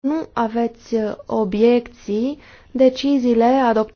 nu aveți uh, obiecții, deciziile adoptate